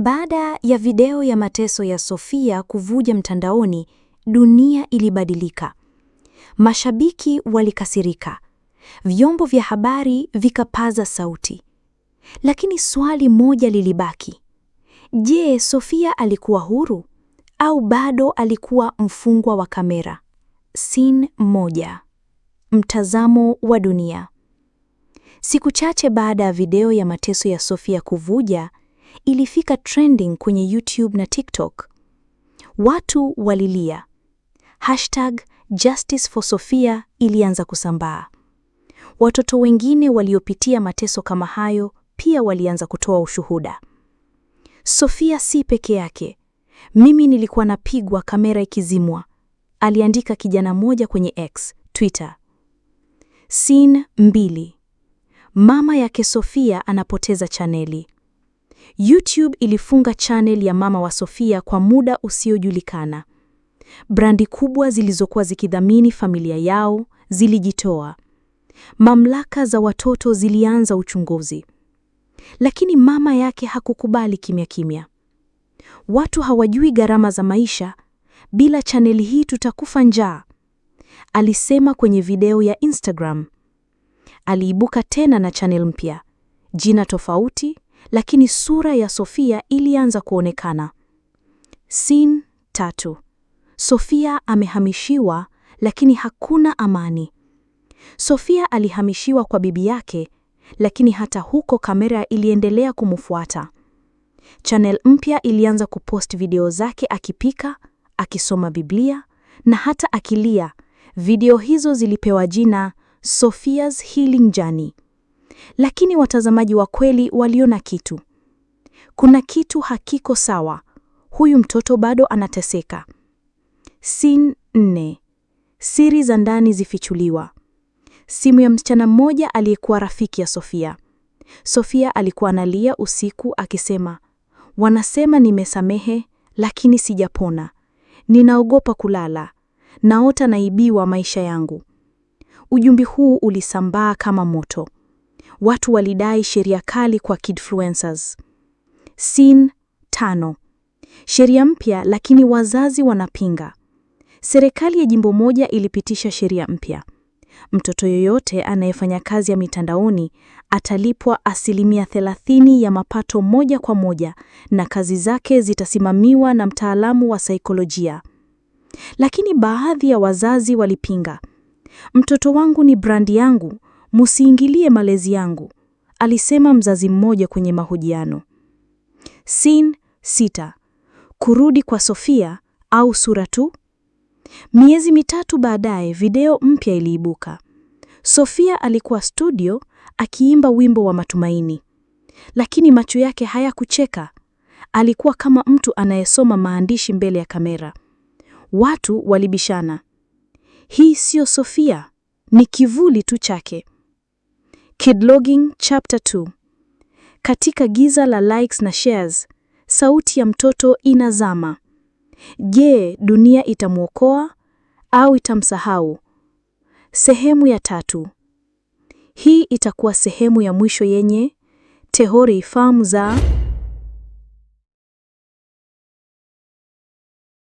Baada ya video ya mateso ya Sofia kuvuja mtandaoni, dunia ilibadilika. Mashabiki walikasirika, vyombo vya habari vikapaza sauti, lakini swali moja lilibaki: je, Sofia alikuwa huru au bado alikuwa mfungwa wa kamera? Scene moja. Mtazamo wa dunia. Siku chache baada ya video ya mateso ya Sofia kuvuja, ilifika trending kwenye YouTube na TikTok. Watu walilia. Hashtag Justice for Sophia ilianza kusambaa. Watoto wengine waliopitia mateso kama hayo pia walianza kutoa ushuhuda. Sofia si peke yake. Mimi nilikuwa napigwa kamera ikizimwa, aliandika kijana mmoja kwenye X Twitter. Scene mbili. Mama yake Sofia anapoteza chaneli. YouTube ilifunga channel ya Mama wa Sofia kwa muda usiojulikana. Brandi kubwa zilizokuwa zikidhamini familia yao zilijitoa. Mamlaka za watoto zilianza uchunguzi. Lakini mama yake hakukubali kimya kimya. Watu hawajui gharama za maisha, bila chaneli hii tutakufa njaa, alisema kwenye video ya Instagram. Aliibuka tena na chaneli mpya, jina tofauti, lakini sura ya Sofia ilianza kuonekana. Sin tatu. Sofia amehamishiwa, lakini hakuna amani. Sofia alihamishiwa kwa bibi yake, lakini hata huko kamera iliendelea kumfuata. Channel mpya ilianza kupost video zake akipika, akisoma Biblia na hata akilia. Video hizo zilipewa jina Sophia's Healing Journey lakini watazamaji wa kweli waliona kitu. Kuna kitu hakiko sawa, huyu mtoto bado anateseka. Sin nne: siri za ndani zifichuliwa. Simu ya msichana mmoja aliyekuwa rafiki ya Sofia. Sofia alikuwa analia usiku akisema, wanasema nimesamehe, lakini sijapona. Ninaogopa kulala, naota naibiwa maisha yangu. Ujumbe huu ulisambaa kama moto watu walidai sheria kali kwa kidfluencers. Sin tano. Sheria mpya lakini wazazi wanapinga. Serikali ya jimbo moja ilipitisha sheria mpya. Mtoto yoyote anayefanya kazi ya mitandaoni atalipwa asilimia thelathini ya mapato moja kwa moja na kazi zake zitasimamiwa na mtaalamu wa saikolojia. Lakini baadhi ya wazazi walipinga. Mtoto wangu ni brandi yangu, musiingilie malezi yangu, alisema mzazi mmoja kwenye mahojiano. Sin sita kurudi kwa Sofia au sura tu. Miezi mitatu baadaye, video mpya iliibuka. Sofia alikuwa studio akiimba wimbo wa matumaini, lakini macho yake hayakucheka. Alikuwa kama mtu anayesoma maandishi mbele ya kamera. Watu walibishana, hii siyo Sofia, ni kivuli tu chake. Kidlogging Chapter 2. Katika giza la likes na shares, sauti ya mtoto inazama. Je, dunia itamwokoa au itamsahau? Sehemu ya tatu. Hii itakuwa sehemu ya mwisho yenye teori fahamu za